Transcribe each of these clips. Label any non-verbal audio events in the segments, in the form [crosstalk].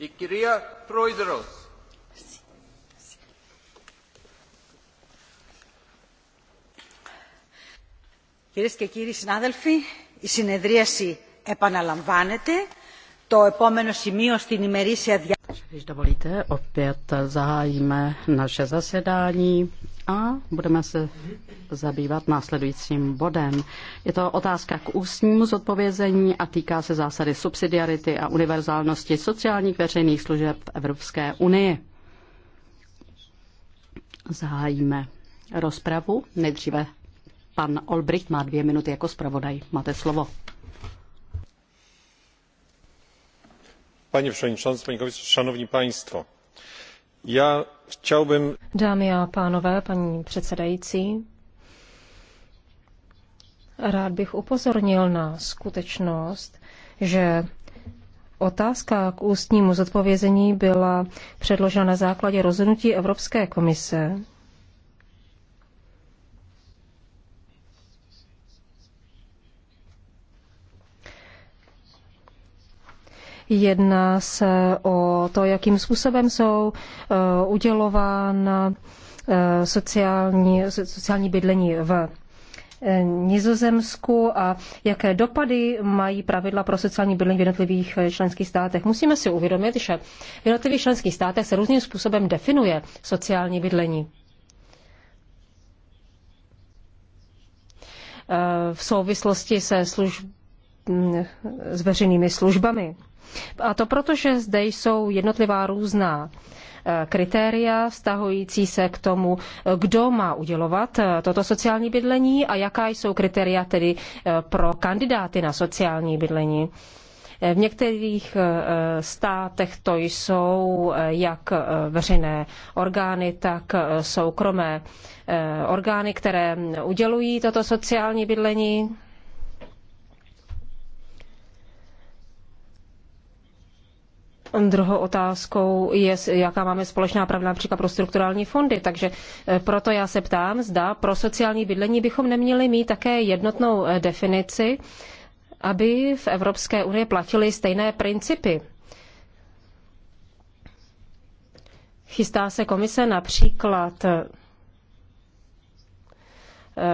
Η κυρία Πρόεδρος. Κυρίες και κύριοι συνάδελφοι, η συνεδρίαση επαναλαμβάνεται. Το επόμενο σημείο στην ημερήσια διάσταση když dovolíte, opět zahájíme naše zasedání a budeme se zabývat následujícím bodem. Je to otázka k ústnímu zodpovězení a týká se zásady subsidiarity a univerzálnosti sociálních veřejných služeb v Evropské unii. Zahájíme rozpravu. Nejdříve pan Olbricht má dvě minuty jako zpravodaj. Máte slovo. Panie przewodniczący, panie komisarzu, szanowni państwo. Já chciałbym... Dámy a pánové, paní předsedající, rád bych upozornil na skutečnost, že otázka k ústnímu zodpovězení byla předložena na základě rozhodnutí Evropské komise Jedná se o to, jakým způsobem jsou eh, udělována eh, sociální, sociální bydlení v eh, Nizozemsku a jaké dopady mají pravidla pro sociální bydlení v jednotlivých členských státech. Musíme si uvědomit, že v jednotlivých členských státech se různým způsobem definuje sociální bydlení. V souvislosti se služb, mm, s veřejnými službami. A to proto, že zde jsou jednotlivá různá e, kritéria vztahující se k tomu, e, kdo má udělovat e, toto sociální bydlení a jaká jsou kritéria tedy pro kandidáty na sociální bydlení. V některých státech to jsou jak veřejné orgány, tak soukromé orgány, které udělují toto sociální bydlení. Druhou otázkou je, jaká máme společná pravda například pro strukturální fondy. Takže eh, proto já se ptám, zda pro sociální bydlení bychom neměli mít také jednotnou eh, definici, aby v Evropské unii platily stejné principy. Chystá se komise například eh,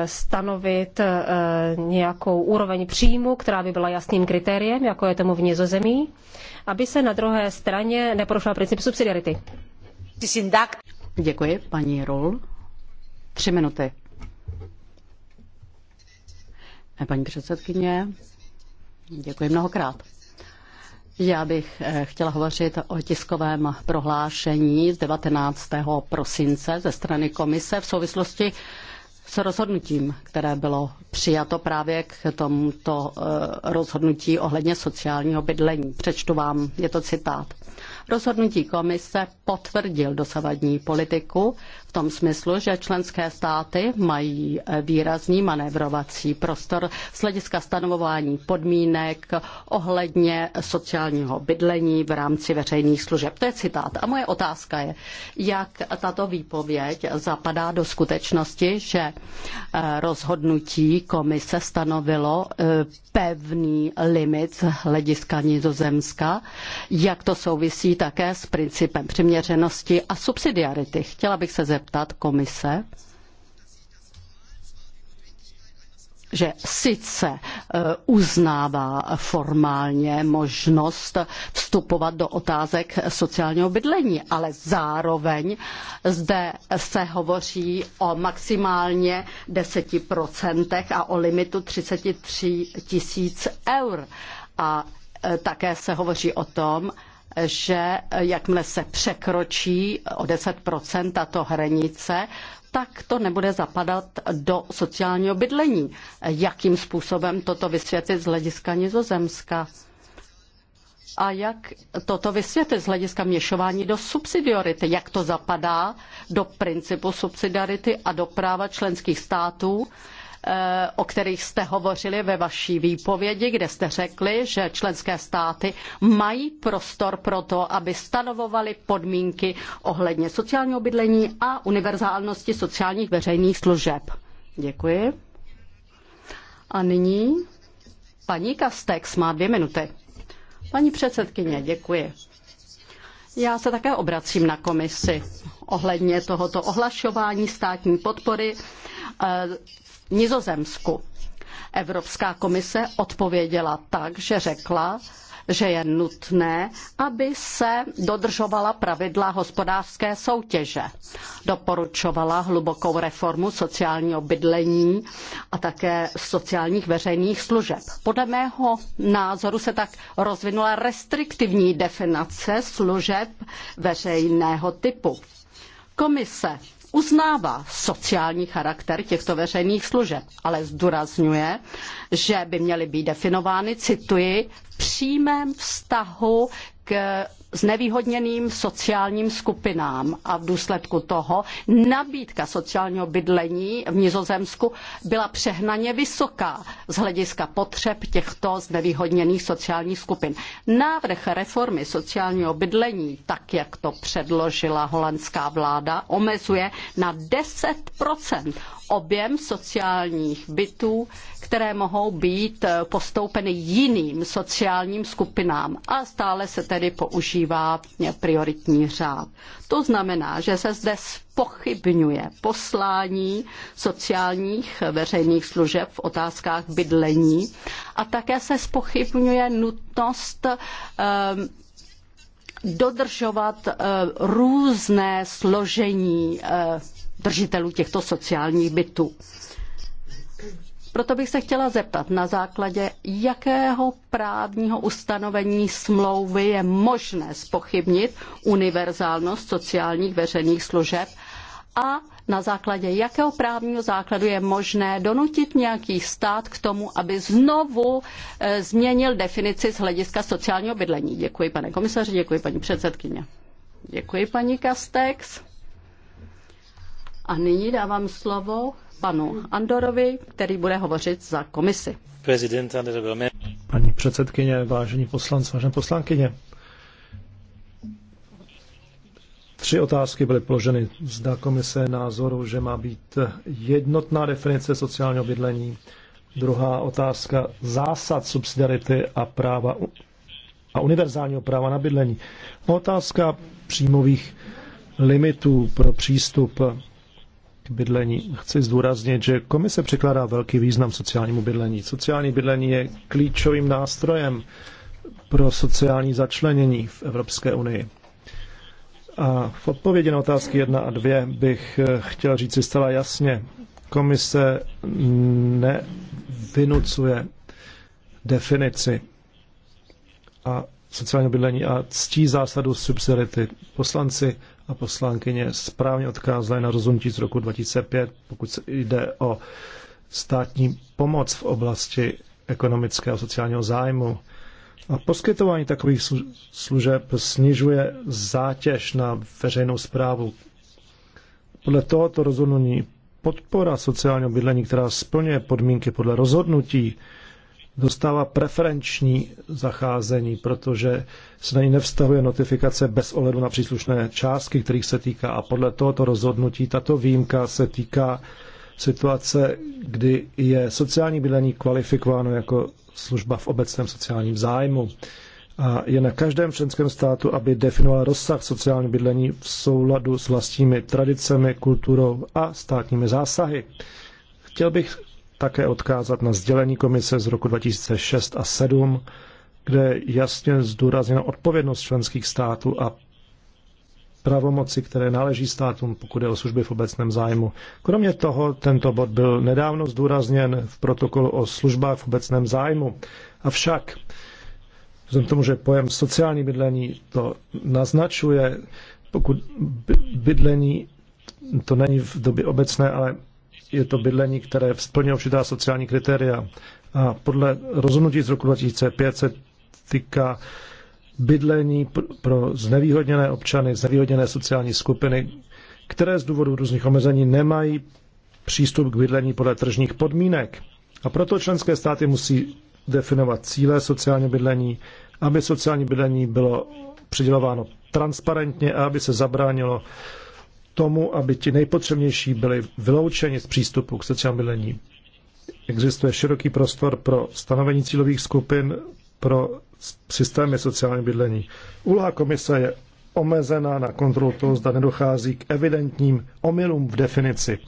stanovit nějakou úroveň příjmu, která by byla jasným kritériem, jako je tomu v Nizozemí aby se na druhé straně neporušoval princip subsidiarity. Děkuji, paní Rol. Tři minuty. Eh, paní předsedkyně, děkuji mnohokrát. Já bych eh, chtěla hovořit o tiskovém prohlášení z 19. prosince ze strany komise v souvislosti s rozhodnutím, které bylo přijato právě k tomuto eh, rozhodnutí ohledně sociálního bydlení. Přečtu vám, je to citát. Rozhodnutí komise potvrdil dosavadní politiku v tom smyslu, že členské státy mají výrazný manévrovací prostor z hlediska stanovování podmínek ohledně sociálního bydlení v rámci veřejných služeb. To je citát. A moje otázka je, jak tato výpověď zapadá do skutečnosti, že eh, rozhodnutí komise stanovilo eh, pevný limit z hlediska Nizozemska, jak to souvisí také s principem přiměřenosti a subsidiarity. Chtěla bych se zeptat komise, že sice e, uznává formálně možnost vstupovat do otázek sociálního bydlení, ale zároveň zde se hovoří o maximálně 10% a o limitu 33 tisíc eur. A e, také se hovoří o tom, že jakmile se překročí o 10 tato hranice, tak to nebude zapadat do sociálního bydlení. Jakým způsobem toto vysvětlit z hlediska Nizozemska? A jak toto vysvětlit z hlediska měšování do subsidiarity? Jak to zapadá do principu subsidiarity a do práva členských států Eh, o kterých jste hovořili ve vaší výpovědi, kde jste řekli, že členské státy mají prostor pro to, aby stanovovaly podmínky ohledně sociálního bydlení a univerzálnosti sociálních veřejných služeb. Děkuji. A nyní paní Kastex má dvě minuty. Paní předsedkyně, děkuji. Já se také obracím na komisi ohledně tohoto ohlašování státní podpory eh, Nizozemsku. Evropská komise odpověděla tak, že řekla, že je nutné, aby se dodržovala pravidla hospodářské soutěže. Doporučovala hlubokou reformu sociálního bydlení a také sociálních veřejných služeb. Podle mého názoru se tak rozvinula restriktivní definace služeb veřejného typu. Komise uznává sociální charakter těchto veřejných služeb, ale zdůrazňuje, že by měly být definovány, cituji, v přímém vztahu k znevýhodněným sociálním skupinám a v důsledku toho nabídka sociálního bydlení v Nizozemsku byla přehnaně vysoká z hlediska potřeb těchto znevýhodněných sociálních skupin. Návrh reformy sociálního bydlení, tak jak to předložila holandská vláda, omezuje na 10 objem sociálních bytů, které mohou být eh, postoupeny jiným sociálním skupinám a stále se tedy používá prioritní řád. To znamená, že se zde spochybňuje poslání sociálních veřejných služeb v otázkách bydlení a také se spochybňuje nutnost eh, dodržovat eh, různé složení eh, držitelů těchto sociálních bytů. Proto bych se chtěla zeptat, na základě jakého právního ustanovení smlouvy je možné spochybnit univerzálnost sociálních veřejných služeb a na základě jakého právního základu je možné donutit nějaký stát k tomu, aby znovu eh, změnil definici z hlediska sociálního bydlení. Děkuji, pane komisaři, děkuji, paní předsedkyně. Děkuji, paní Kastex. A nyní dávám slovo panu Andorovi, který bude hovořit za komisi. Paní předsedkyně, vážení poslanci, vážené poslankyně, Tři otázky byly položeny. Zda komise názoru, že má být jednotná definice sociálního bydlení. Druhá otázka zásad subsidiarity a práva a univerzálního práva na bydlení. No, otázka příjmových limitů pro přístup k bydlení. Chci zdůraznit, že komise překládá velký význam sociálnímu bydlení. Sociální bydlení je klíčovým nástrojem pro sociální začlenění v Evropské unii. A v odpovědi na otázky 1 a 2 bych eh, chtěl říct si zcela jasně, komise nevynucuje definici a sociálního bydlení a ctí zásadu subsidiarity. Poslanci a poslankyně správně odkázali na rozhodnutí z roku 2005, pokud se jde o státní pomoc v oblasti ekonomického a sociálního zájmu. A poskytování takových služeb snižuje zátěž na veřejnou zprávu. Podle tohoto rozhodnutí podpora sociálního bydlení, která splňuje podmínky podle rozhodnutí, dostává preferenční zacházení, protože se na ní nevztahuje notifikace bez ohledu na příslušné částky, kterých se týká. A podle tohoto rozhodnutí tato výjimka se týká situace, kdy je sociální bydlení kvalifikováno jako služba v obecném sociálním zájmu. A je na každém členském státu, aby definoval rozsah sociálního bydlení v souladu s vlastními tradicemi, kulturou a státními zásahy. Chtěl bych také odkázat na sdělení komise z roku 2006 a 7, kde jasně zdůrazněna odpovědnost členských států a pravomoci, které náleží státům, pokud je o služby v obecném zájmu. Kromě toho, tento bod byl nedávno zdůrazněn v protokolu o službách v obecném zájmu. Avšak, vzhledem tomu, že pojem sociální bydlení to naznačuje, pokud bydlení to není v době obecné, ale je to bydlení, které splňuje určitá sociální kritéria. A podle rozhodnutí z roku 2005 se týká bydlení pro znevýhodněné občany, znevýhodněné sociální skupiny, které z důvodu různých omezení nemají přístup k bydlení podle tržních podmínek. A proto členské státy musí definovat cíle sociálního bydlení, aby sociální bydlení bylo přidělováno transparentně a aby se zabránilo tomu, aby ti nejpotřebnější byli vyloučeni z přístupu k sociálnímu bydlení. Existuje široký prostor pro stanovení cílových skupin pro systémy sociální bydlení. Úloha komise je omezená na kontrolu toho, zda nedochází k evidentním omylům v definici.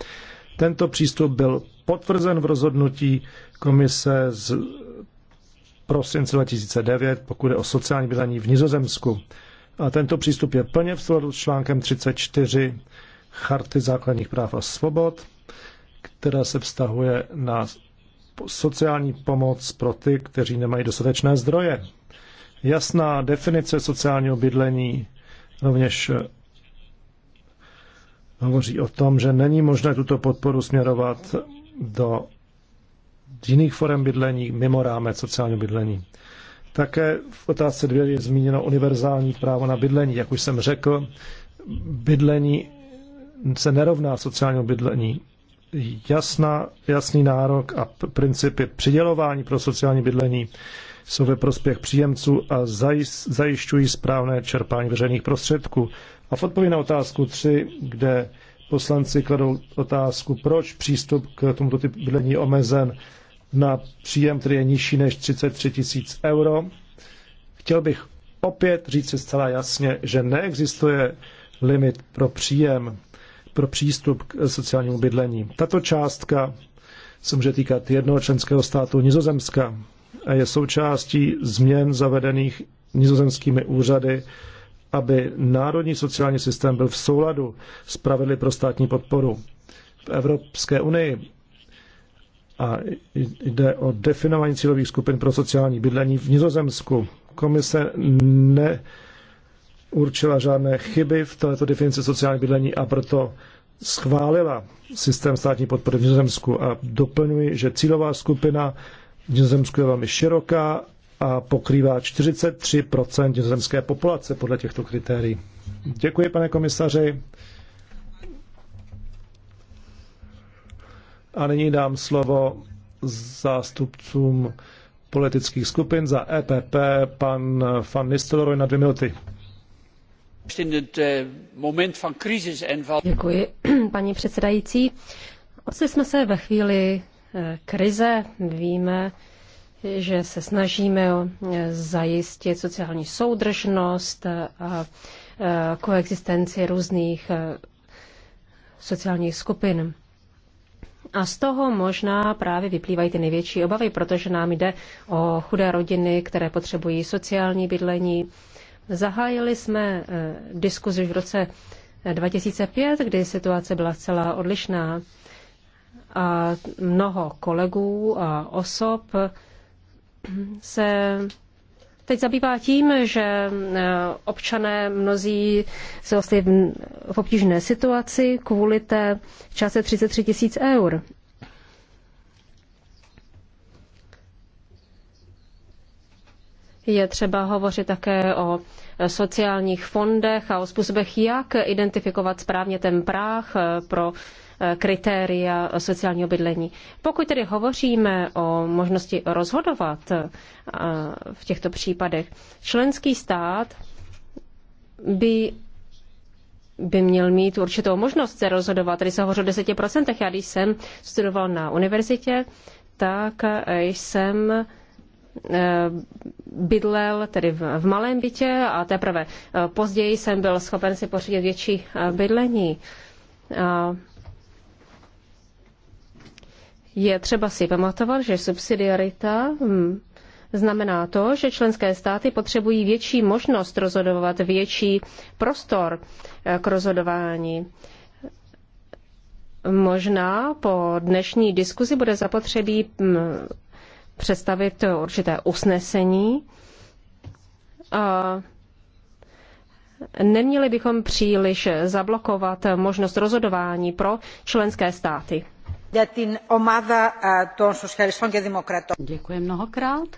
Tento přístup byl potvrzen v rozhodnutí komise z prosince 2009, pokud je o sociální bydlení v Nizozemsku. A tento přístup je plně v souladu s článkem 34 Charty základních práv a svobod, která se vztahuje na sociální pomoc pro ty, kteří nemají dostatečné zdroje jasná definice sociálního bydlení rovněž eh, hovoří o tom, že není možné tuto podporu směrovat do jiných forem bydlení mimo rámec sociálního bydlení. Také v otázce 2 je zmíněno univerzální právo na bydlení. Jak už jsem řekl, bydlení se nerovná sociálnímu bydlení. Jasná, jasný nárok a principy přidělování pro sociální bydlení jsou ve prospěch příjemců a zajišťují správné čerpání veřejných prostředků. A v odpovědi na otázku 3, kde poslanci kladou otázku, proč přístup k tomuto typu bydlení je omezen na příjem, který je nižší než 33 tisíc euro, chtěl bych opět říct si zcela jasně, že neexistuje limit pro příjem, pro přístup k sociálnímu bydlení. Tato částka se může týkat jednoho členského státu Nizozemska, a je součástí změn zavedených nizozemskými úřady, aby národní sociální systém byl v souladu s pravidly pro státní podporu v Evropské unii. A jde o definování cílových skupin pro sociální bydlení v Nizozemsku. Komise neurčila žádné chyby v této definici sociální bydlení a proto schválila systém státní podpory v Nizozemsku. A doplňuji, že cílová skupina Nizozemsku je velmi široká a pokrývá 43 nizozemské populace podle těchto kritérií. Děkuji, pane komisaři. A nyní dám slovo zástupcům politických skupin za EPP, pan Van Nistelrooy na dvě minuty. Děkuji, [clears throat] paní předsedající. Ocitli jsme se ve chvíli krize. Víme, že se snažíme e, zajistit sociální soudržnost a e, koexistenci různých e, sociálních skupin. A z toho možná právě vyplývají ty největší obavy, protože nám jde o chudé rodiny, které potřebují sociální bydlení. Zahájili jsme diskuzi v roce 2005, kdy situace byla celá odlišná. A mnoho kolegů a osob se teď zabývá tím, že e, občané mnozí se vlastně v obtížné situaci kvůli té čase 33 tisíc eur. Je třeba hovořit také o sociálních fondech a o způsobech, jak identifikovat správně ten práh e, pro Eh, kritéria sociálního bydlení. Pokud tedy hovoříme o možnosti rozhodovat eh, v těchto případech, členský stát by by měl mít určitou možnost se rozhodovat. Tady se hovoří o 10%. Já když jsem studoval na univerzitě, tak eh, jsem bydlel tedy v malém bytě a teprve později jsem byl schopen si pořídit větší bydlení. A je třeba si pamatovat, že subsidiarita hm, znamená to, že členské státy potřebují větší možnost rozhodovat, větší prostor eh, k rozhodování. Možná po dnešní diskuzi bude zapotřebí hm, představit určité usnesení. A neměli bychom příliš zablokovat možnost rozhodování pro členské státy. Děkuji mnohokrát.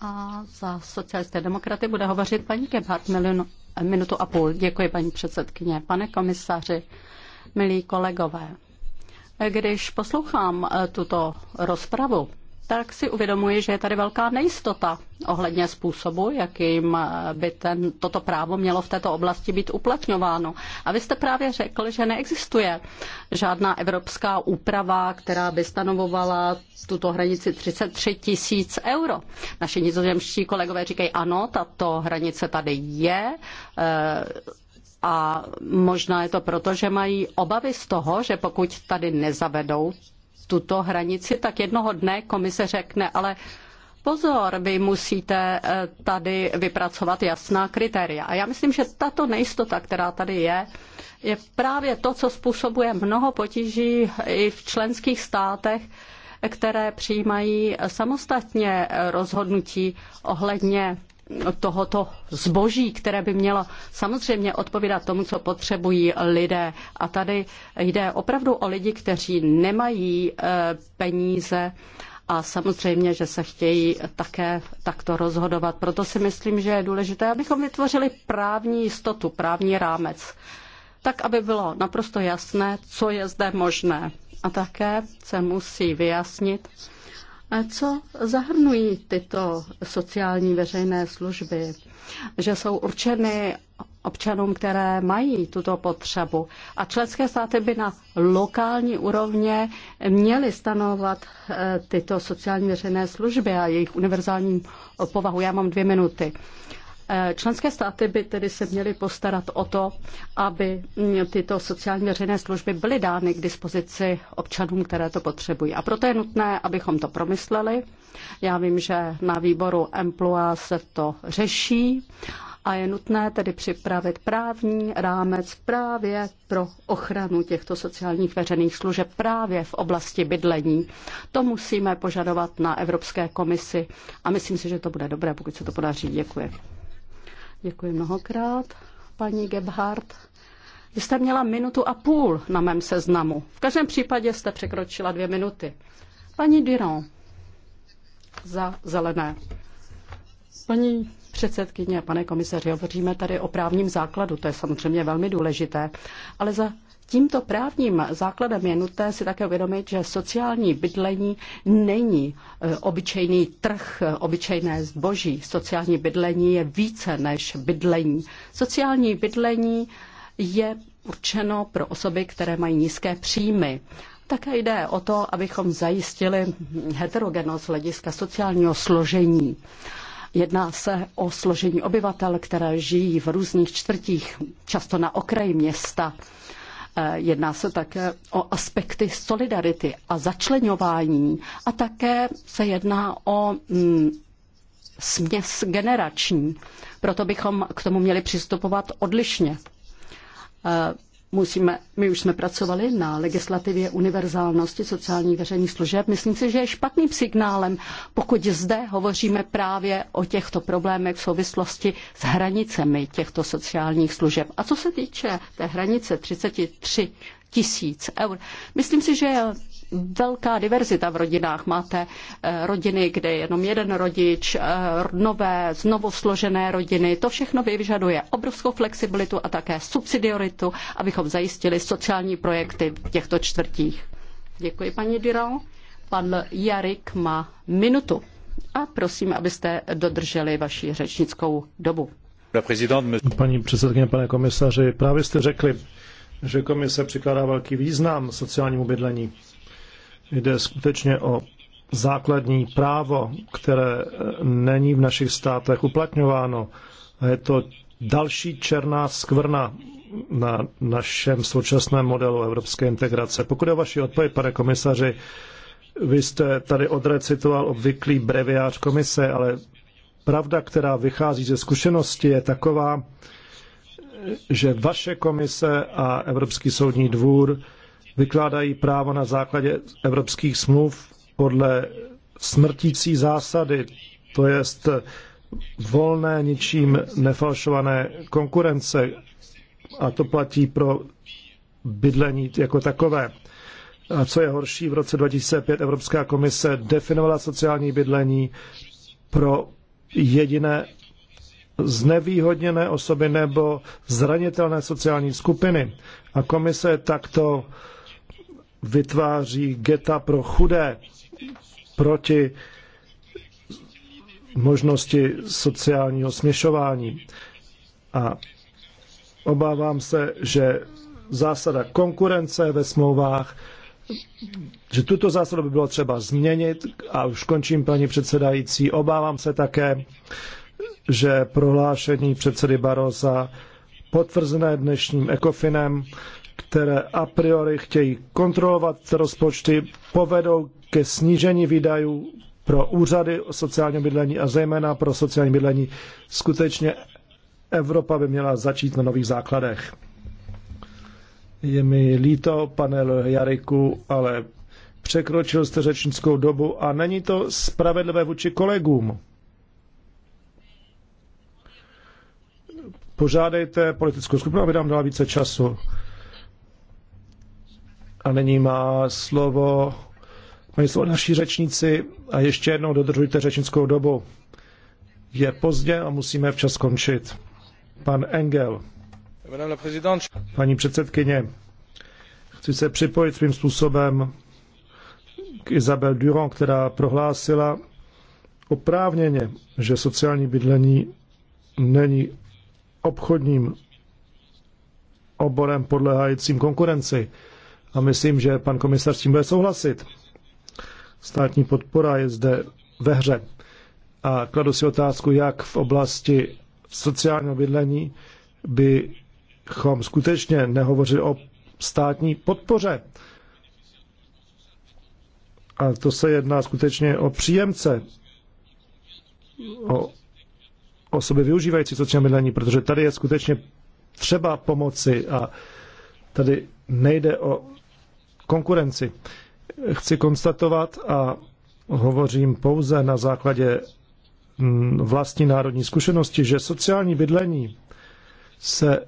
A za socialisté demokraty bude hovořit paní Gebhardt minutu a půl. Děkuji, paní předsedkyně. Pane komisaři, milí kolegové, když poslouchám e, tuto rozpravu, tak si uvědomuji, že je tady velká nejistota ohledně způsobu, jakým by ten, toto právo mělo v této oblasti být uplatňováno. A vy jste právě řekl, že neexistuje žádná evropská úprava, která by stanovovala tuto hranici 33 tisíc euro. Naši nizozemští kolegové říkají, ano, tato hranice tady je. E, a možná je to proto, že mají obavy z toho, že pokud tady nezavedou tuto hranici, tak jednoho dne komise řekne, ale pozor, vy musíte eh, tady vypracovat jasná kritéria. A já myslím, že tato nejistota, která tady je, je právě to, co způsobuje mnoho potíží i v členských státech, které přijímají samostatně eh, rozhodnutí ohledně tohoto zboží, které by mělo samozřejmě odpovídat tomu, co potřebují lidé. A tady jde opravdu o lidi, kteří nemají eh, peníze a samozřejmě, že se chtějí také takto rozhodovat. Proto si myslím, že je důležité, abychom vytvořili právní jistotu, právní rámec, tak aby bylo naprosto jasné, co je zde možné. A také se musí vyjasnit, co zahrnují tyto sociální veřejné služby, že jsou určeny občanům, které mají tuto potřebu. A členské státy by na lokální úrovně měly stanovat eh, tyto sociální veřejné služby a jejich univerzální povahu. Já mám dvě minuty. Eh, členské státy by tedy se měly postarat o to, aby mm, tyto sociální veřejné služby byly dány k dispozici občanům, které to potřebují. A proto je nutné, abychom to promysleli. Já vím, že na výboru Emploa se to řeší a je nutné tedy připravit právní rámec právě pro ochranu těchto sociálních veřejných služeb právě v oblasti bydlení. To musíme požadovat na Evropské komisi a myslím si, že to bude dobré, pokud se to podaří. Děkuji. Děkuji mnohokrát. Paní Gebhardt, vy jste měla minutu a půl na mém seznamu. V každém případě jste překročila dvě minuty. Paní Diron za zelené. Paní předsedkyně, pane komisaři, hovoříme tady o právním základu, to je samozřejmě velmi důležité, ale za tímto právním základem je nutné si také uvědomit, že sociální bydlení není e, obyčejný trh, e, obyčejné zboží. Sociální bydlení je více než bydlení. Sociální bydlení je určeno pro osoby, které mají nízké příjmy. Také jde o to, abychom zajistili heterogenost hlediska sociálního složení. Jedná se o složení obyvatel, které žijí v různých čtvrtích, často na okraji města. Eh, jedná se také o aspekty solidarity a začlenování a také se jedná o mm, směs generační. Proto bychom k tomu měli přistupovat odlišně. Eh, musíme, my už jsme pracovali na legislativě univerzálnosti sociálních veřejných služeb. Myslím si, že je špatným signálem, pokud zde hovoříme právě o těchto problémech v souvislosti s hranicemi těchto sociálních služeb. A co se týče té hranice 33 tisíc eur. Myslím si, že je velká diverzita v rodinách. Máte eh, rodiny, kde je jenom jeden rodič, eh, nové, znovu složené rodiny. To všechno vyžaduje obrovskou flexibilitu a také subsidioritu, abychom zajistili sociální projekty v těchto čtvrtích. Děkuji, paní Diral. Pan Jarik má minutu. A prosím, abyste dodrželi vaši řečnickou dobu. Paní předsedkyně, pane komisaři, právě jste řekli, že komise přikládá velký význam sociálnímu bydlení. Jde skutečně o základní právo, které eh, není v našich státech uplatňováno. A je to další černá skvrna na našem současném modelu evropské integrace. Pokud je vaši odpověď, pane komisaři, vy jste tady odrecitoval obvyklý breviář komise, ale pravda, která vychází ze zkušenosti, je taková, že vaše komise a Evropský soudní dvůr vykládají právo na základě evropských smluv podle smrtící zásady, to jest volné, ničím nefalšované konkurence. A to platí pro bydlení jako takové. A co je horší, v roce 2005 Evropská komise definovala sociální bydlení pro jediné znevýhodněné osoby nebo zranitelné sociální skupiny. A komise takto vytváří geta pro chudé proti možnosti sociálního směšování. A obávám se, že zásada konkurence ve smlouvách, že tuto zásadu by bylo třeba změnit a už končím, paní předsedající. Obávám se také, že prohlášení předsedy Barosa potvrzené dnešním ECOFINem které a priori chtějí kontrolovat rozpočty, povedou ke snížení výdajů pro úřady o sociálním bydlení a zejména pro sociální bydlení. Skutečně Evropa by měla začít na nových základech. Je mi líto, pane Jariku, ale překročil jste řečnickou dobu a není to spravedlivé vůči kolegům. Požádejte politickou skupinu, aby nám dala více času. A nyní má slovo, mají slovo naší řečníci a ještě jednou dodržujte řečnickou dobu. Je pozdě a musíme včas končit. Pan Engel. Paní předsedkyně, chci se připojit svým způsobem k Isabel Durand, která prohlásila oprávněně, že sociální bydlení není obchodním oborem podlehajícím konkurenci a myslím, že pan komisař s tím bude souhlasit. Státní podpora je zde ve hře. A kladu si otázku, jak v oblasti sociálního bydlení bychom skutečně nehovořili o státní podpoře. A to se jedná skutečně o příjemce, o osoby využívající sociální bydlení, protože tady je skutečně třeba pomoci a tady nejde o konkurenci. Chci konstatovat a hovořím pouze na základě mm, vlastní národní zkušenosti, že sociální bydlení se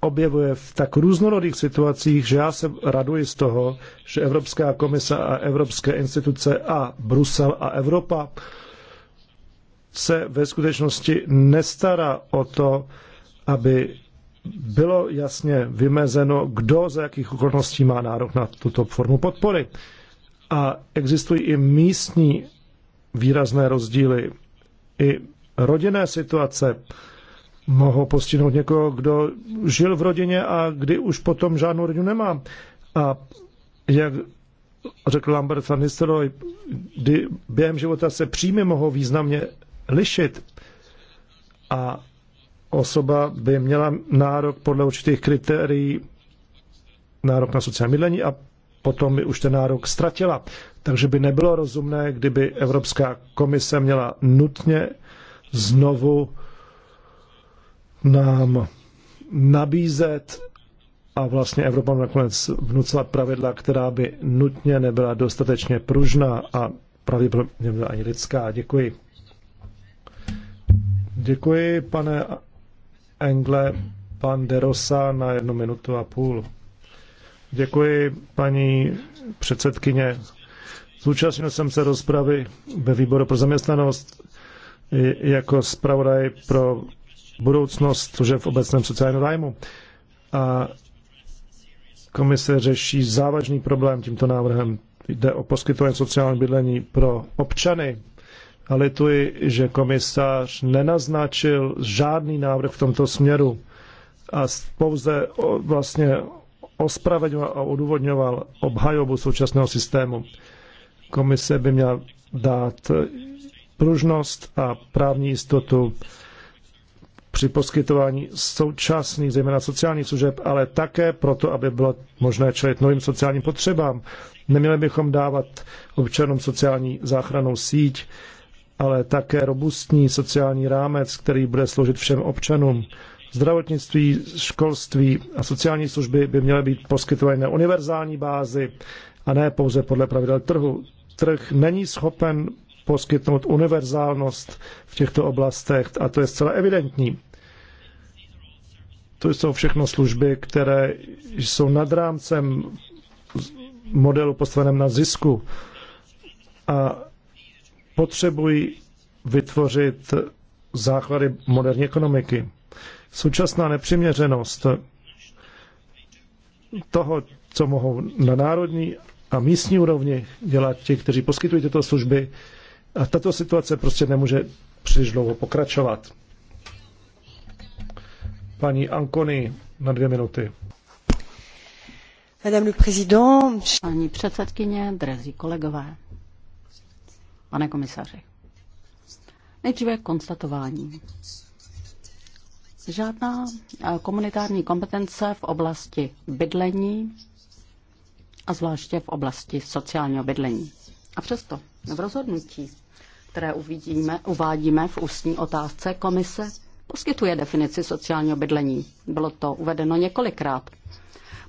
objevuje v tak různorodých situacích, že já se raduji z toho, že Evropská komise a evropské instituce a Brusel a Evropa se ve skutečnosti nestará o to, aby bylo jasně vymezeno, kdo za jakých okolností má nárok na tuto formu podpory. A existují i místní výrazné rozdíly. I rodinné situace mohou postihnout někoho, kdo žil v rodině a kdy už potom žádnou rodinu nemá. A jak řekl Lambert van Nistelrooy, kdy během života se příjmy mohou významně lišit. A osoba by měla nárok podle určitých kritérií nárok na sociální bydlení a potom by už ten nárok ztratila. Takže by nebylo rozumné, kdyby Evropská komise měla nutně znovu nám nabízet a vlastně Evropa nakonec vnucela pravidla, která by nutně nebyla dostatečně pružná a pravděpodobně nebyla ani lidská. Děkuji. Děkuji, pane Engle pan Derosa na jednu minutu a půl. Děkuji, paní předsedkyně. Zúčastnil jsem se rozpravy ve výboru pro zaměstnanost jako zpravodaj pro budoucnost služeb v obecném sociálním zájmu. A komise řeší závažný problém tímto návrhem. Jde o poskytování sociálního bydlení pro občany a lituji, že komisář nenaznačil žádný návrh v tomto směru a pouze vlastně ospravedlňoval a odůvodňoval obhajobu současného systému. Komise by měla dát pružnost a právní jistotu při poskytování současných, zejména sociálních služeb, ale také proto, aby bylo možné čelit novým sociálním potřebám. Neměli bychom dávat občanům sociální záchranou síť, ale také robustní sociální rámec, který bude složit všem občanům. Zdravotnictví, školství a sociální služby by měly být poskytovány na univerzální bázi a ne pouze podle pravidel trhu. Trh není schopen poskytnout univerzálnost v těchto oblastech a to je zcela evidentní. To jsou všechno služby, které jsou nad rámcem modelu postaveném na zisku. A potřebují vytvořit základy moderní ekonomiky. Současná nepřiměřenost toho, co mohou na národní a místní úrovni dělat ti, kteří poskytují tyto služby, a tato situace prostě nemůže příliš dlouho pokračovat. Paní Ankony na dvě minuty. Madame le Président, paní předsedkyně, drazí kolegové pane komisaři. Nejdříve konstatování. Žádná eh, komunitární kompetence v oblasti bydlení a zvláště v oblasti sociálního bydlení. A přesto v rozhodnutí, které uvidíme, uvádíme v ústní otázce komise, poskytuje definici sociálního bydlení. Bylo to uvedeno několikrát.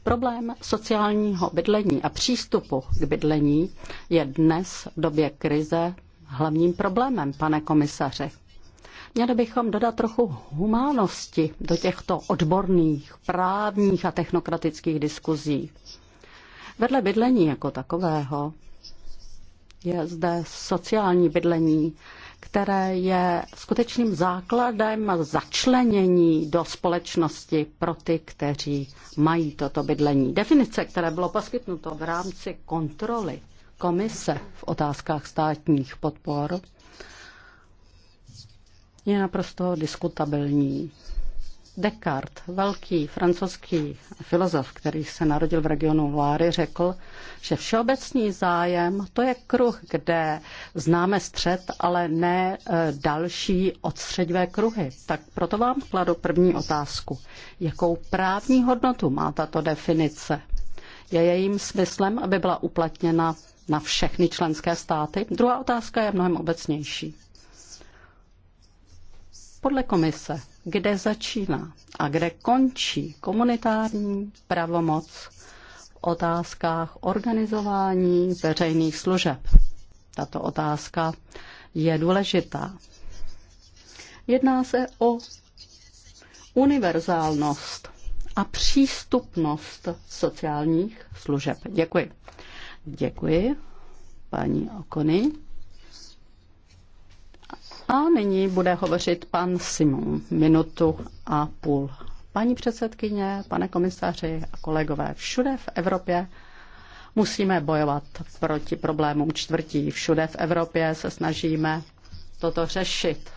Problém sociálního bydlení a přístupu k bydlení je dnes v době krize hlavním problémem, pane komisaře. Měli bychom dodat trochu humánosti do těchto odborných, právních a technokratických diskuzí. Vedle bydlení jako takového je zde sociální bydlení, které je skutečným základem začlenění do společnosti pro ty, kteří mají toto bydlení. Definice, které bylo poskytnuto v rámci kontroly komise v otázkách státních podpor, je naprosto diskutabilní. Descartes, velký francouzský filozof, který se narodil v regionu Loire, řekl, že všeobecný zájem to je kruh, kde známe střed, ale ne eh, další odstředivé kruhy. Tak proto vám kladu první otázku. Jakou právní hodnotu má tato definice? Je jejím smyslem, aby byla uplatněna na všechny členské státy? Druhá otázka je mnohem obecnější. Podle komise kde začíná a kde končí komunitární pravomoc v otázkách organizování veřejných služeb. Tato otázka je důležitá. Jedná se o univerzálnost a přístupnost sociálních služeb. Děkuji. Děkuji, paní Okony. A nyní bude hovořit pan Simon minutu a půl. Paní předsedkyně, pane komisaři a kolegové, všude v Evropě musíme bojovat proti problémům čtvrtí. Všude v Evropě se snažíme toto řešit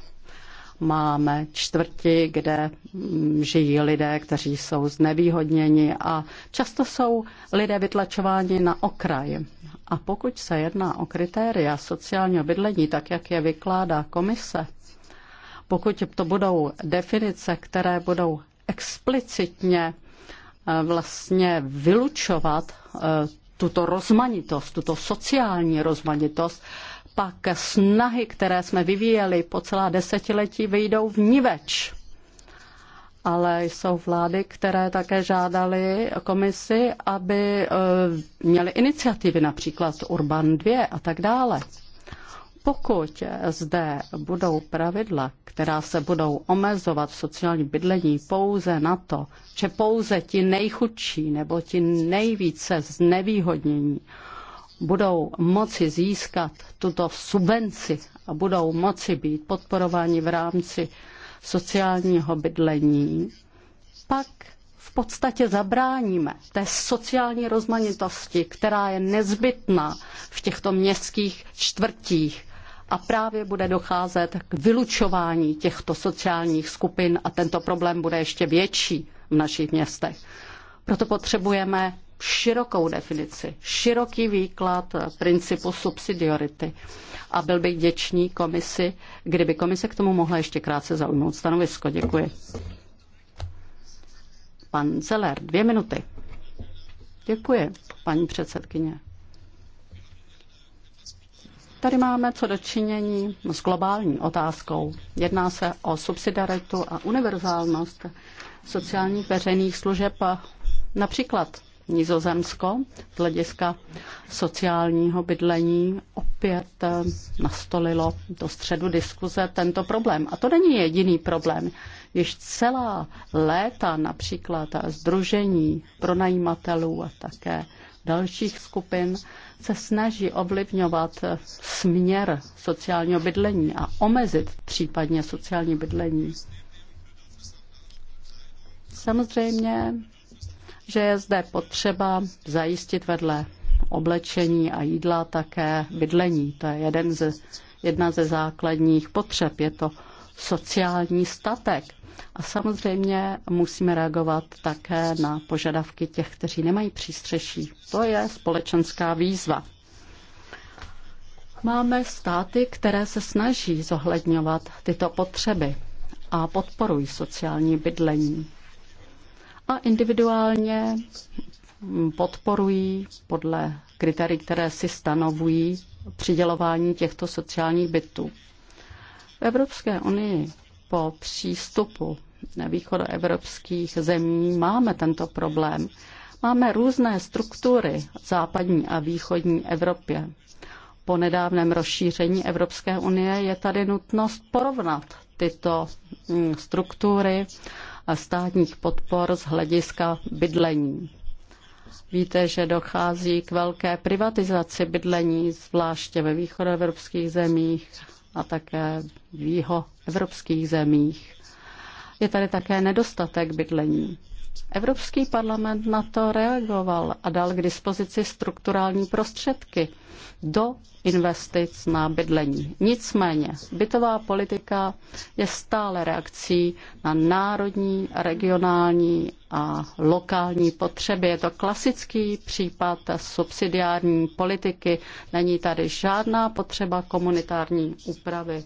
máme čtvrti, kde mm, žijí lidé, kteří jsou znevýhodněni a často jsou lidé vytlačováni na okraj. A pokud se jedná o kritéria sociálního bydlení, tak jak je vykládá komise, pokud to budou definice, které budou explicitně eh, vlastně vylučovat eh, tuto rozmanitost, tuto sociální rozmanitost, pak snahy, které jsme vyvíjeli po celá desetiletí, vyjdou v niveč. Ale jsou vlády, které také žádali komisi, aby eh, měly iniciativy, například Urban 2 a tak dále. Pokud zde budou pravidla, která se budou omezovat v sociálním bydlení pouze na to, že pouze ti nejchudší nebo ti nejvíce znevýhodnění budou moci získat tuto subvenci a budou moci být podporováni v rámci sociálního bydlení, pak v podstatě zabráníme té sociální rozmanitosti, která je nezbytná v těchto městských čtvrtích. A právě bude docházet k vylučování těchto sociálních skupin a tento problém bude ještě větší v našich městech. Proto potřebujeme širokou definici, široký výklad principu subsidiarity. A byl bych děčný komisi, kdyby komise k tomu mohla ještě krátce zaujmout stanovisko. Děkuji. Pan Zeller, dvě minuty. Děkuji, paní předsedkyně. Tady máme co dočinění s globální otázkou. Jedná se o subsidiaritu a univerzálnost sociálních veřejných služeb, například Nizozemsko z hlediska sociálního bydlení opět eh, nastolilo do středu diskuze tento problém. A to není jediný problém. Již celá léta například združení pronajímatelů a také dalších skupin se snaží ovlivňovat směr sociálního bydlení a omezit případně sociální bydlení. Samozřejmě že je zde potřeba zajistit vedle oblečení a jídla také bydlení. To je jeden ze, jedna ze základních potřeb. Je to sociální statek. A samozřejmě musíme reagovat také na požadavky těch, kteří nemají přístřeší. To je společenská výzva. Máme státy, které se snaží zohledňovat tyto potřeby a podporují sociální bydlení a individuálně podporují podle kritérií, které si stanovují, přidělování těchto sociálních bytů. V Evropské unii po přístupu východoevropských zemí máme tento problém. Máme různé struktury v západní a východní Evropě. Po nedávném rozšíření Evropské unie je tady nutnost porovnat tyto mm, struktury a státních podpor z hlediska bydlení. Víte, že dochází k velké privatizaci bydlení, zvláště ve východoevropských zemích a také v jihoevropských zemích. Je tady také nedostatek bydlení. Evropský parlament na to reagoval a dal k dispozici strukturální prostředky do investic na bydlení. Nicméně bytová politika je stále reakcí na národní, regionální a lokální potřeby. Je to klasický případ subsidiární politiky. Není tady žádná potřeba komunitární úpravy.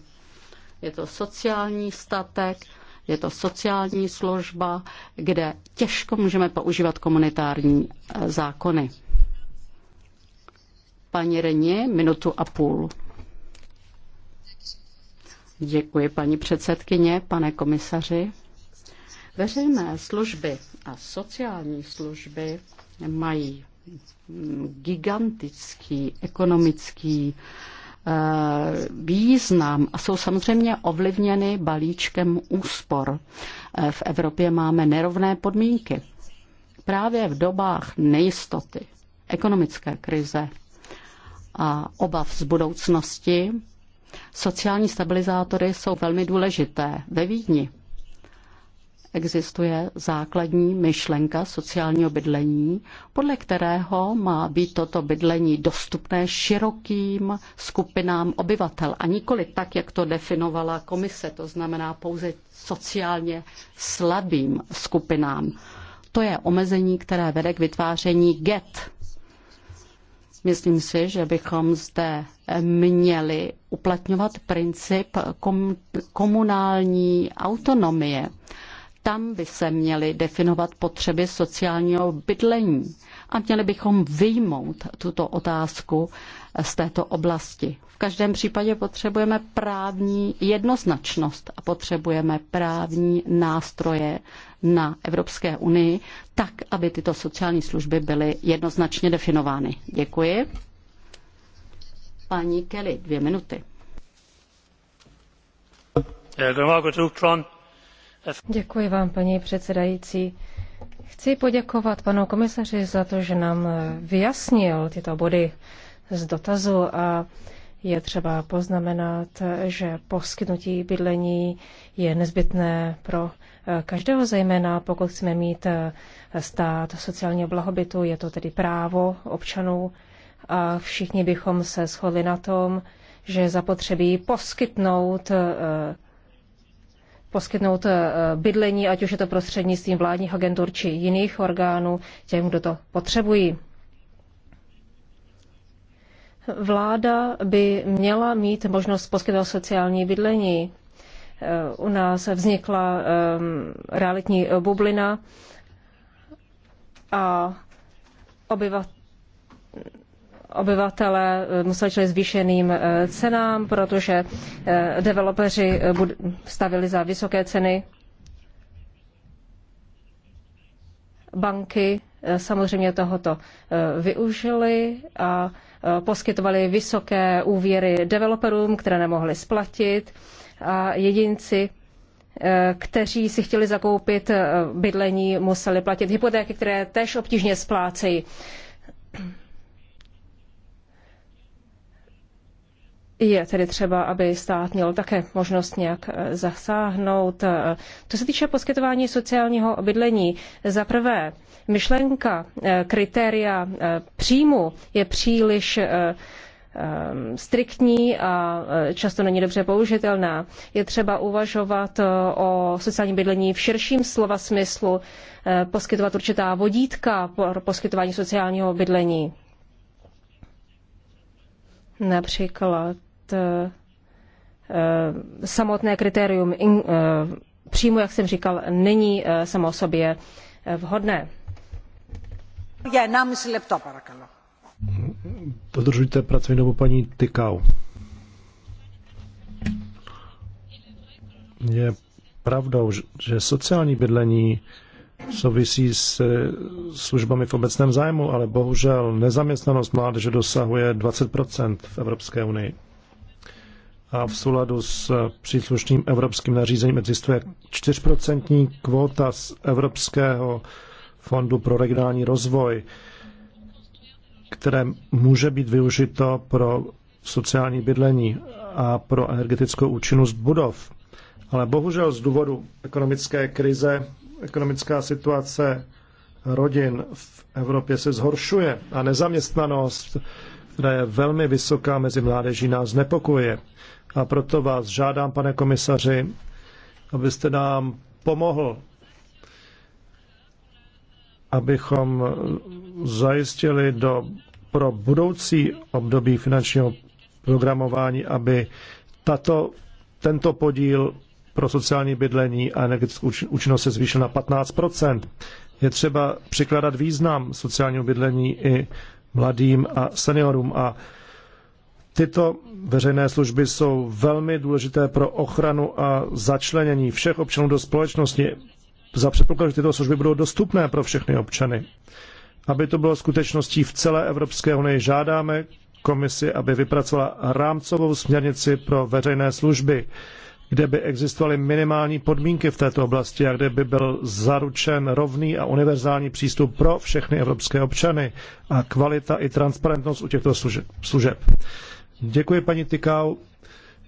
Je to sociální statek, je to sociální služba, kde těžko můžeme používat komunitární eh, zákony. Paní Reně, minutu a půl. Děkuji, paní předsedkyně, pane komisaři. Veřejné služby a sociální služby mají gigantický ekonomický eh, význam a jsou samozřejmě ovlivněny balíčkem úspor. Eh, v Evropě máme nerovné podmínky. Právě v dobách nejistoty, ekonomické krize, a obav z budoucnosti, sociální stabilizátory jsou velmi důležité. Ve Vídni existuje základní myšlenka sociálního bydlení, podle kterého má být toto bydlení dostupné širokým skupinám obyvatel a nikoli tak, jak to definovala komise, to znamená pouze sociálně slabým skupinám. To je omezení, které vede k vytváření get Myslím si, že bychom zde měli uplatňovat princip komunální autonomie. Tam by se měly definovat potřeby sociálního bydlení a měli bychom vyjmout tuto otázku z této oblasti. V každém případě potřebujeme právní jednoznačnost a potřebujeme právní nástroje na Evropské unii, tak, aby tyto sociální služby byly jednoznačně definovány. Děkuji. Paní Kelly, dvě minuty. Děkuji vám, paní předsedající. Chci poděkovat panu komisaři za to, že nám vyjasnil tyto body z dotazu a je třeba poznamenat, že poskytnutí bydlení je nezbytné pro eh, každého, zejména pokud chceme mít eh, stát sociálního blahobytu, je to tedy právo občanů a všichni bychom se shodli na tom, že zapotřebí poskytnout eh, poskytnout bydlení, ať už je to prostřednictvím vládních agentur či jiných orgánů, těm, kdo to potřebují. Vláda by měla mít možnost poskytovat sociální bydlení. Eh, u nás vznikla ehm, realitní bublina a obyvatelé eh, museli čelit zvýšeným eh, cenám, protože developeři stavili za vysoké ceny. Banky samozřejmě tohoto využily a poskytovali vysoké úvěry developerům, které nemohli splatit a jedinci, eh, kteří si chtěli zakoupit eh, bydlení, museli platit hypotéky, které tež obtížně splácejí. Je tedy třeba, aby stát měl také možnost nějak eh, zasáhnout. To se týče poskytování sociálního bydlení, za prvé myšlenka eh, kritéria eh, příjmu je příliš eh, striktní a často není dobře použitelná. Je třeba uvažovat o sociálním bydlení v širším slova smyslu, poskytovat určitá vodítka pro poskytování sociálního bydlení. Například samotné kritérium příjmu, jak jsem říkal, není samo sobě vhodné. Já pracovní dobu paní Tykau. Je pravdou, že sociální bydlení souvisí s službami v obecném zájmu, ale bohužel nezaměstnanost mládeže dosahuje 20 v Evropské unii. A v souladu s příslušným evropským nařízením existuje 4% kvóta z Evropského Fondu pro regionální rozvoj, které může být využito pro sociální bydlení a pro energetickou účinnost budov. Ale bohužel z důvodu ekonomické krize, ekonomická situace rodin v Evropě se zhoršuje a nezaměstnanost, která je velmi vysoká mezi mládeží, nás nepokuje. A proto vás žádám, pane komisaři, abyste nám pomohl abychom zajistili do, pro budoucí období finančního programování, aby tato, tento podíl pro sociální bydlení a energetickou účinnost se zvýšil na 15 Je třeba přikládat význam sociálního bydlení i mladým a seniorům a Tyto veřejné služby jsou velmi důležité pro ochranu a začlenění všech občanů do společnosti za předpokladu, že tyto služby budou dostupné pro všechny občany. Aby to bylo skutečností v celé Evropské unii, žádáme komisi, aby vypracovala rámcovou směrnici pro veřejné služby, kde by existovaly minimální podmínky v této oblasti a kde by byl zaručen rovný a univerzální přístup pro všechny evropské občany a kvalita i transparentnost u těchto služeb. Děkuji paní Tykau.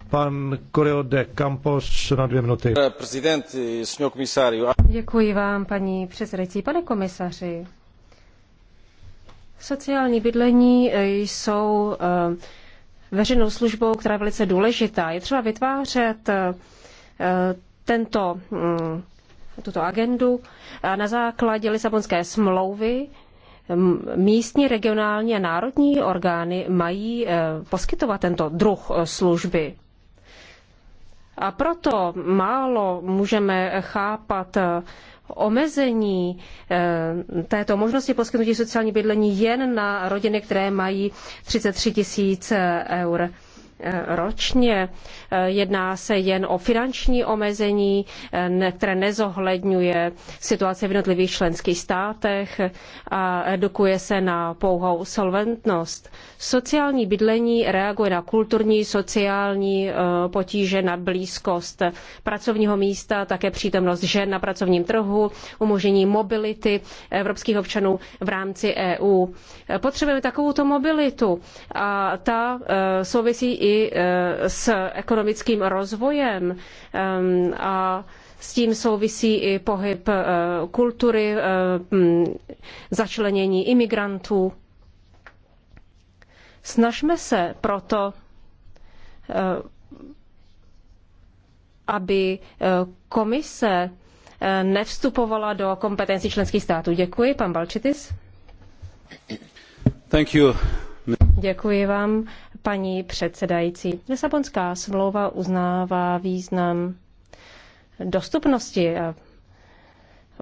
Pan Corio de Campos na dvě minuty. Děkuji vám, paní předsedající. Pane komisaři, sociální bydlení e, jsou e, veřejnou službou, která je velice důležitá. Je třeba vytvářet e, tento, mm, tuto agendu na základě Lisabonské smlouvy místní, regionální a národní orgány mají poskytovat tento druh služby. A proto málo můžeme chápat eh, omezení eh, této možnosti poskytnutí sociální bydlení jen na rodiny, které mají 33 tisíc eur eh, ročně. Jedná se jen o finanční omezení, které nezohledňuje situaci v jednotlivých členských státech a redukuje se na pouhou solventnost. Sociální bydlení reaguje na kulturní, sociální eh, potíže, na blízkost pracovního místa, také přítomnost žen na pracovním trhu, umožnění mobility evropských občanů v rámci EU. Eh, potřebujeme takovouto mobilitu a ta eh, souvisí i s ekonomickou ekonomickým rozvojem ehm, a s tím souvisí i pohyb eh, kultury, eh, hm, začlenění imigrantů. Snažme se proto, eh, aby komise nevstupovala do kompetencí členských států. Děkuji, pan Balčitis. Thank you. Děkuji vám, paní předsedající. Lisabonská smlouva uznává význam dostupnosti a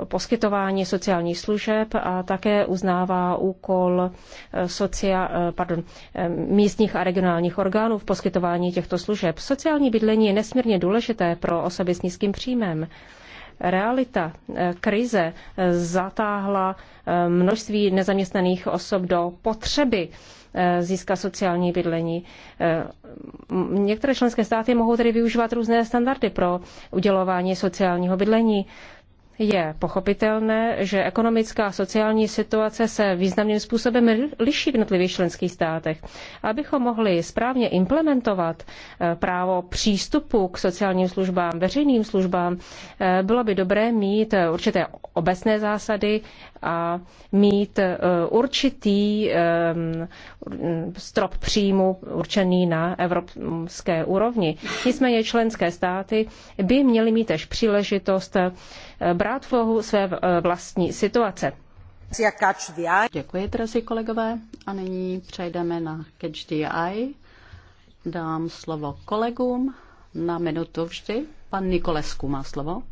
poskytování sociálních služeb a také uznává úkol eh, socia, eh, pardon, eh, místních a regionálních orgánů v poskytování těchto služeb. Sociální bydlení je nesmírně důležité pro osoby s nízkým příjmem. Realita krize zatáhla množství nezaměstnaných osob do potřeby získá sociální bydlení. Některé členské státy mohou tedy využívat různé standardy pro udělování sociálního bydlení. Je pochopitelné, že ekonomická a sociální situace se významným způsobem liší v jednotlivých členských státech. Abychom mohli správně implementovat eh, právo přístupu k sociálním službám, veřejným službám, eh, bylo by dobré mít eh, určité obecné zásady a mít eh, určitý strop příjmu určený na evropské úrovni. Nicméně členské státy by měly mít tež příležitost eh, brát v úvahu své eh, vlastní situace. Děkuji, drazí kolegové. A nyní přejdeme na Catch the Eye. Dám slovo kolegům na minutu vždy. Pan Nikolesku má slovo.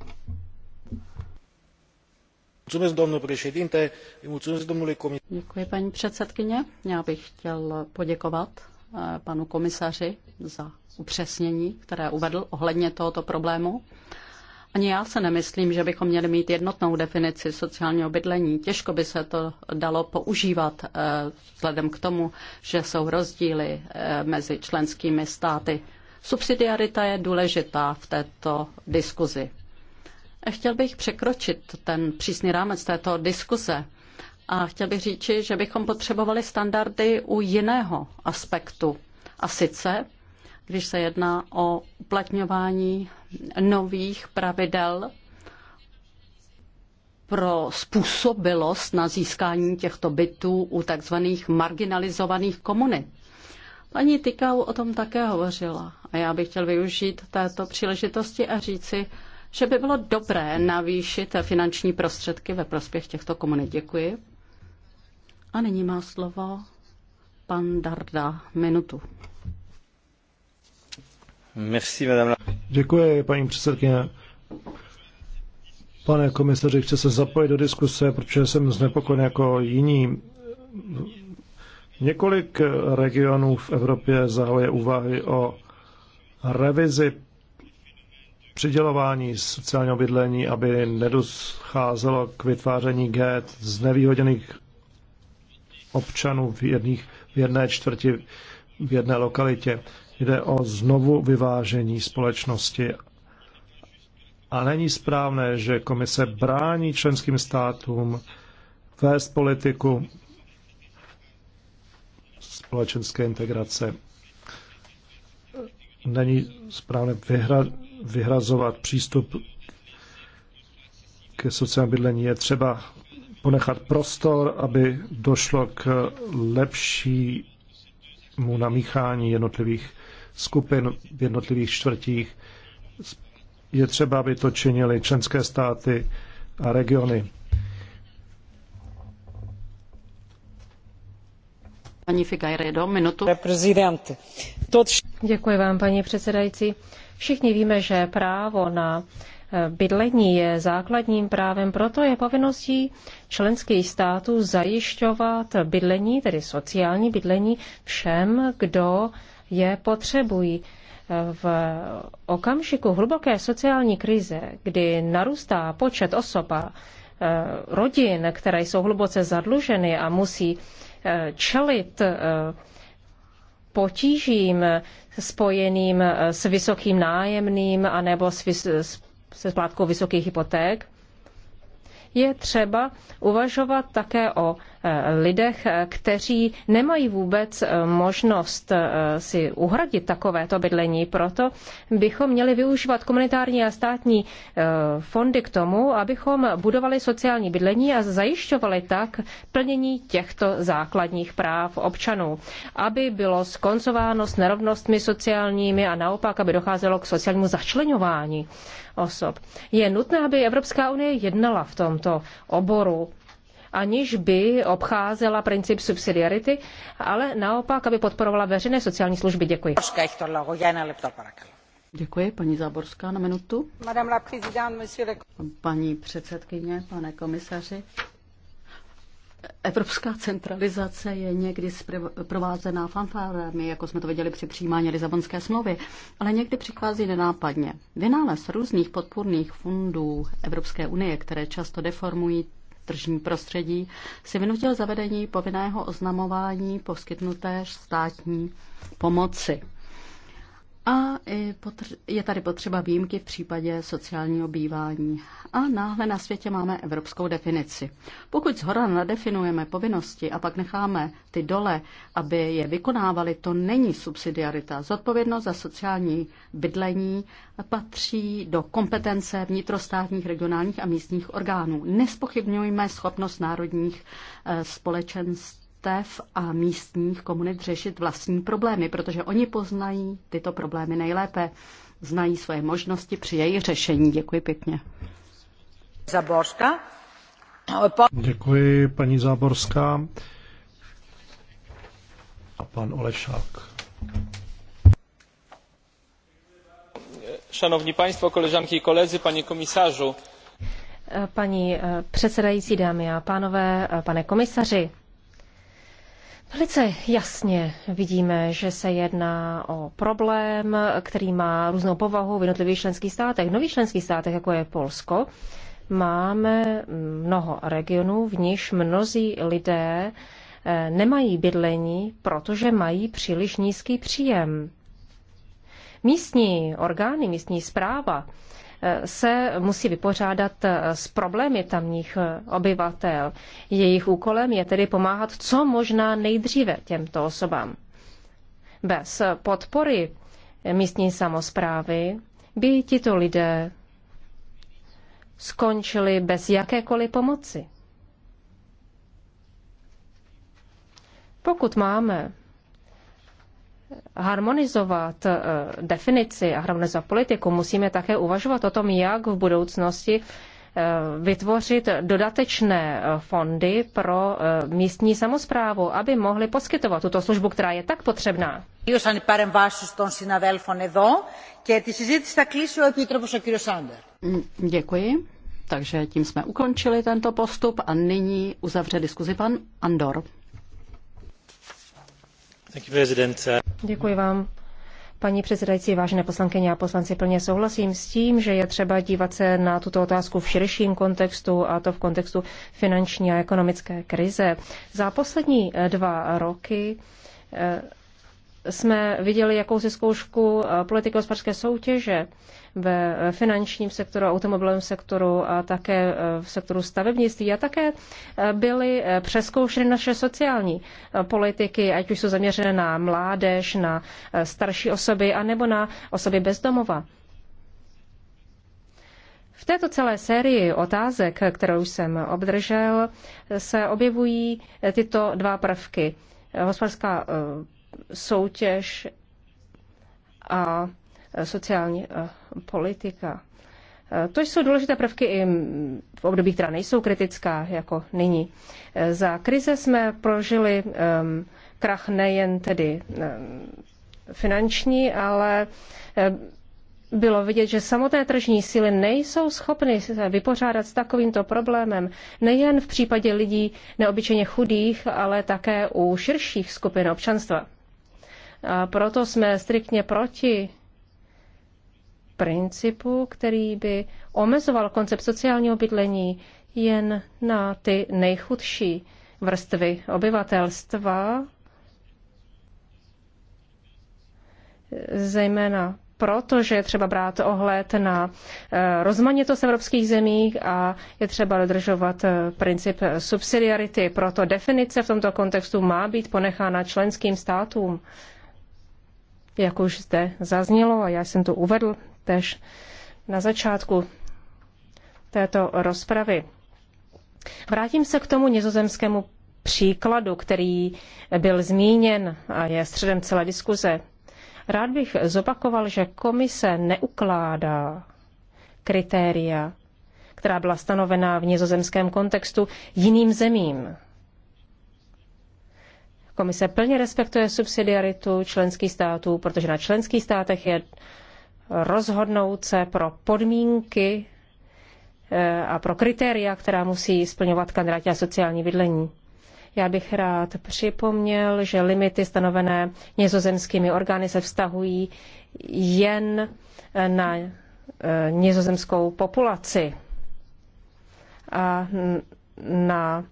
Děkuji, paní předsedkyně. Já bych chtěl poděkovat eh, panu komisaři za upřesnění, které uvedl ohledně tohoto problému. Ani já se nemyslím, že bychom měli mít jednotnou definici sociálního bydlení. Těžko by se to dalo používat eh, vzhledem k tomu, že jsou rozdíly eh, mezi členskými státy. Subsidiarita je důležitá v této diskuzi. Chtěl bych překročit ten přísný rámec této diskuse a chtěl bych říci, že bychom potřebovali standardy u jiného aspektu. A sice, když se jedná o uplatňování nových pravidel pro způsobilost na získání těchto bytů u takzvaných marginalizovaných komunit. Paní Tykau o tom také hovořila a já bych chtěl využít této příležitosti a říci, že by bylo dobré navýšit finanční prostředky ve prospěch těchto komunit. Děkuji. A nyní má slovo pan Darda minutu. Merci, madame. Děkuji, paní předsedkyně. Pane komisaři, chci se zapojit do diskuse, protože jsem znepokojen jako jiní. Několik regionů v Evropě zahajuje úvahy o revizi přidělování sociálního bydlení, aby nedocházelo k vytváření get z nevýhodněných občanů v, jedných, v jedné čtvrti, v jedné lokalitě. Jde o znovu vyvážení společnosti. A není správné, že komise brání členským státům vést politiku společenské integrace. Není správné vyhra, vyhrazovat přístup ke sociálnímu bydlení. Je třeba ponechat prostor, aby došlo k lepšímu namíchání jednotlivých skupin v jednotlivých čtvrtích. Je třeba, aby to činili členské státy a regiony. Paní Figajredo, minutu. Děkuji vám, paní předsedající Všichni víme, že právo na eh, bydlení je základním právem, proto je povinností členských států zajišťovat bydlení, tedy sociální bydlení, všem, kdo je potřebují. V okamžiku hluboké sociální krize, kdy narůstá počet osob a eh, rodin, které jsou hluboce zadluženy a musí eh, čelit potížím spojeným s vysokým nájemným anebo s, s, se splátkou vysokých hypoték, je třeba uvažovat také o lidech, kteří nemají vůbec eh, možnost eh, si uhradit takovéto bydlení. Proto bychom měli využívat komunitární a státní eh, fondy k tomu, abychom budovali sociální bydlení a zajišťovali tak plnění těchto základních práv občanů, aby bylo skoncováno s nerovnostmi sociálními a naopak, aby docházelo k sociálnímu začlenování osob. Je nutné, aby Evropská unie jednala v tomto oboru aniž by obcházela princip subsidiarity, ale naopak, aby podporovala veřejné sociální služby. Děkuji. Děkuji, paní Záborská, na minutu. Paní předsedkyně, pane komisaři, Evropská centralizace je někdy provázená fanfárami, jako jsme to viděli při přijímání Lizabonské smlouvy, ale někdy přichází nenápadně. Vynález různých podpůrných fondů Evropské unie, které často deformují tržní prostředí si vynutil zavedení povinného oznamování poskytnuté státní pomoci. A je tady potřeba výjimky v případě sociálního bývání. A náhle na světě máme evropskou definici. Pokud zhora nadefinujeme povinnosti a pak necháme ty dole, aby je vykonávali, to není subsidiarita. Zodpovědnost za sociální bydlení patří do kompetence vnitrostátních, regionálních a místních orgánů. Nespochybňujme schopnost národních eh, společenství vrstev a místních komunit řešit vlastní problémy, protože oni poznají tyto problémy nejlépe, znají svoje možnosti při jejich řešení. Děkuji pěkně. Zaborska. Děkuji, paní Záborská. A pan Olešák. Szanowni Państwo, koleżanki i koledzy, panie komisarzu. Paní e, předsedající, dámy a pánové, e, pane komisaři, Velice jasně vidíme, že se jedná o problém, který má různou povahu v jednotlivých členských státech. V nových členských státech, jako je Polsko, máme mnoho regionů, v nichž mnozí lidé eh, nemají bydlení, protože mají příliš nízký příjem. Místní orgány, místní zpráva se musí vypořádat s problémy tamních obyvatel. Jejich úkolem je tedy pomáhat co možná nejdříve těmto osobám. Bez podpory místní samozprávy by tito lidé skončili bez jakékoliv pomoci. Pokud máme harmonizovat eh, definici a harmonizovat politiku, musíme také uvažovat o tom, jak v budoucnosti eh, vytvořit dodatečné eh, fondy pro místní samozprávu, aby mohly poskytovat tuto službu, která je tak potřebná. Děkuji. Takže tím jsme ukončili tento postup a nyní uzavře diskuzi pan Andor. Thank you, President. Děkuji vám. Paní předsedající, vážené poslankyně a poslanci, plně souhlasím s tím, že je třeba dívat se na tuto otázku v širším kontextu, a to v kontextu finanční a ekonomické krize. Za poslední eh, dva roky eh, jsme viděli jakousi zkoušku eh, politiko soutěže ve finančním sektoru, automobilovém sektoru a také e, v sektoru stavebnictví a také e, byly e, přeskoušeny naše sociální politiky, ať už jsou zaměřené na mládež, na starší osoby a nebo na osoby bezdomova. V této celé sérii otázek, kterou jsem obdržel, se objevují tyto dva prvky. Hospodářská soutěž a sociální eh, politika. Eh, to jsou důležité prvky i v období, která nejsou kritická, jako nyní. Eh, za krize jsme prožili ehm, krach nejen tedy ehm, finanční, ale bylo vidět, že samotné tržní síly nejsou schopny se vypořádat s takovýmto problémem, nejen v případě lidí neobyčejně chudých, ale také u širších skupin občanstva. A proto jsme striktně proti principu, který by omezoval koncept sociálního bydlení jen na ty nejchudší vrstvy obyvatelstva, zejména proto, že je třeba brát ohled na eh, rozmanitost evropských zemí a je třeba dodržovat eh, princip subsidiarity. Proto definice v tomto kontextu má být ponechána členským státům. Jak už zde zaznělo a já jsem to uvedl tež na začátku této rozpravy. Vrátím se k tomu nizozemskému příkladu, který byl zmíněn a je středem celé diskuze. Rád bych zopakoval, že komise neukládá kritéria, která byla stanovená v nizozemském kontextu jiným zemím. Komise plně respektuje subsidiaritu členských států, protože na členských státech je rozhodnout se pro podmínky eh, a pro kritéria, která musí splňovat kandidáti na sociální bydlení. Já bych rád připomněl, že limity stanovené nizozemskými orgány se vztahují jen na eh, nizozemskou populaci a na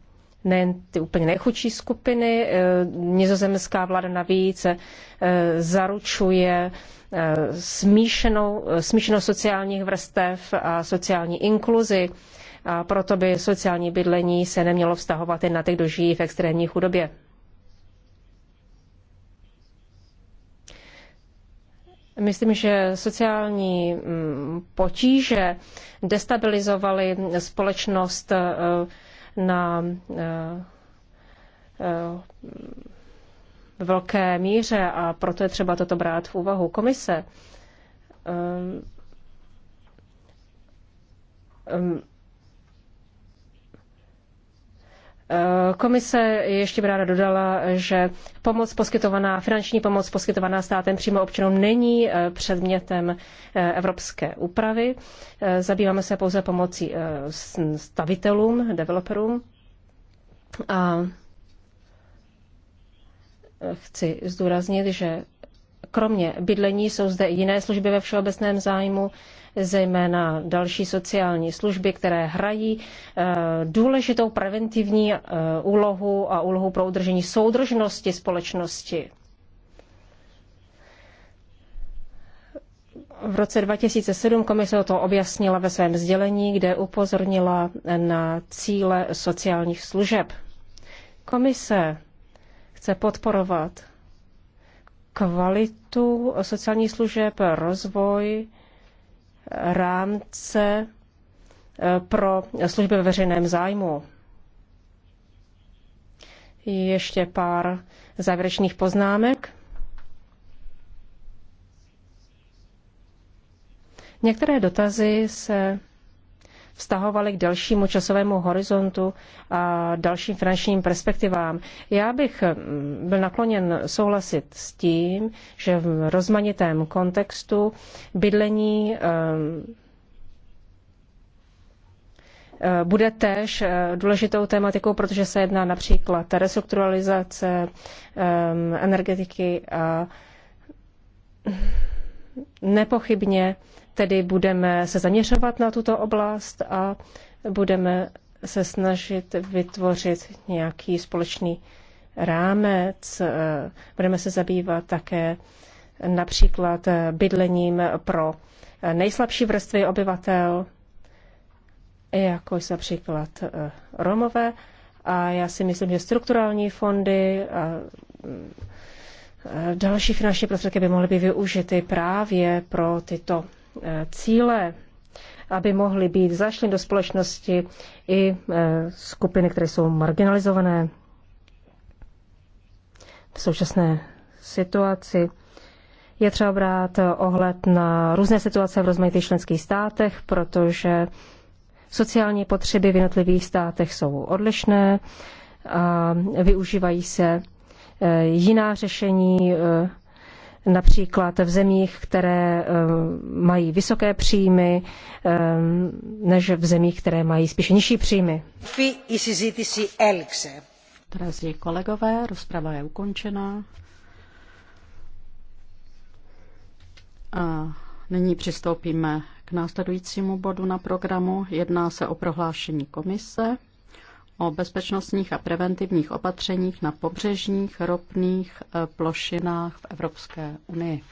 nejen ty úplně nejchudší skupiny. Eh, nizozemská vláda navíc zaručuje smíšenou, smíšenou sociálních vrstev a sociální inkluzi. A proto by sociální bydlení se nemělo vztahovat jen na ty, kdo žijí v extrémní chudobě. Myslím, že sociální mm, potíže destabilizovaly společnost eh, na eh, eh, ve velké míře a proto je třeba toto brát v úvahu. Komise ehm, ehm, Komise ještě ráda dodala, že pomoc poskytovaná, finanční pomoc poskytovaná státem přímo občanům není eh, předmětem eh, evropské úpravy. Eh, zabýváme se pouze pomocí stavitelům, developerům. A chci zdůraznit, že kromě bydlení jsou zde i jiné služby ve všeobecném zájmu, zejména další sociální služby, které hrají eh, důležitou preventivní eh, úlohu a úlohu pro udržení soudržnosti společnosti. V roce 2007 komise to objasnila ve svém sdělení, kde upozornila na cíle sociálních služeb. Komise chce podporovat kvalitu sociálních služeb, rozvoj, rámce eh, pro služby ve veřejném zájmu. Ještě pár závěrečných poznámek. Některé dotazy se vztahovaly k dalšímu časovému horizontu a dalším finančním perspektivám. Já bych mm, byl nakloněn souhlasit s tím, že v rozmanitém kontextu bydlení ehm, e, bude též e, důležitou tématikou, protože se jedná například restrukturalizace ehm, energetiky a nepochybně Tedy budeme se zaměřovat na tuto oblast a budeme se snažit vytvořit nějaký společný rámec. Budeme se zabývat také například bydlením pro nejslabší vrstvy obyvatel, jako jsou například eh, Romové. A já si myslím, že strukturální fondy a mm, eh, další finanční prostředky by mohly být využity právě pro tyto Eh, cíle, aby mohly být zašly do společnosti i eh, skupiny, které jsou marginalizované v současné situaci. Je třeba brát ohled na různé situace v rozmanitých členských státech, protože sociální potřeby v jednotlivých státech jsou odlišné a využívají se eh, jiná řešení například v zemích, které eh, mají vysoké příjmy, eh, než v zemích, které mají spíše nižší příjmy. Drazí kolegové, rozprava je ukončena. A nyní přistoupíme k následujícímu bodu na programu. Jedná se o prohlášení komise o bezpečnostních a preventivních opatřeních na pobřežních ropných eh, plošinách v Evropské unii.